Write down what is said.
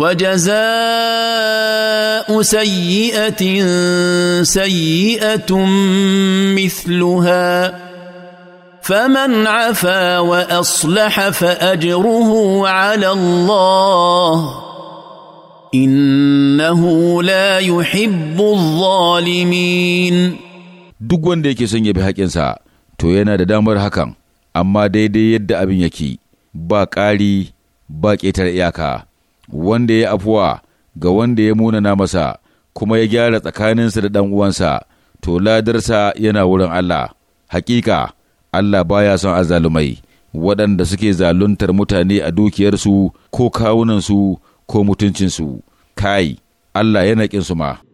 وجزاء سيئه سيئه مثلها فمن عفا واصلح فاجره على الله انه لا يحب الظالمين duk wanda yake son ya bi haƙinsa to yana da damar hakan amma daidai yadda abin yake ba ƙari ba ƙetar iyaka wanda ya afuwa ga wanda ya munana masa kuma ya gyara tsakaninsa da ɗan uwansa to ladarsa yana wurin Allah hakika Allah baya son azalumai waɗanda suke zaluntar mutane a dukiyarsu ko kawunansu ko mutuncinsu kai Allah yana ƙinsu ma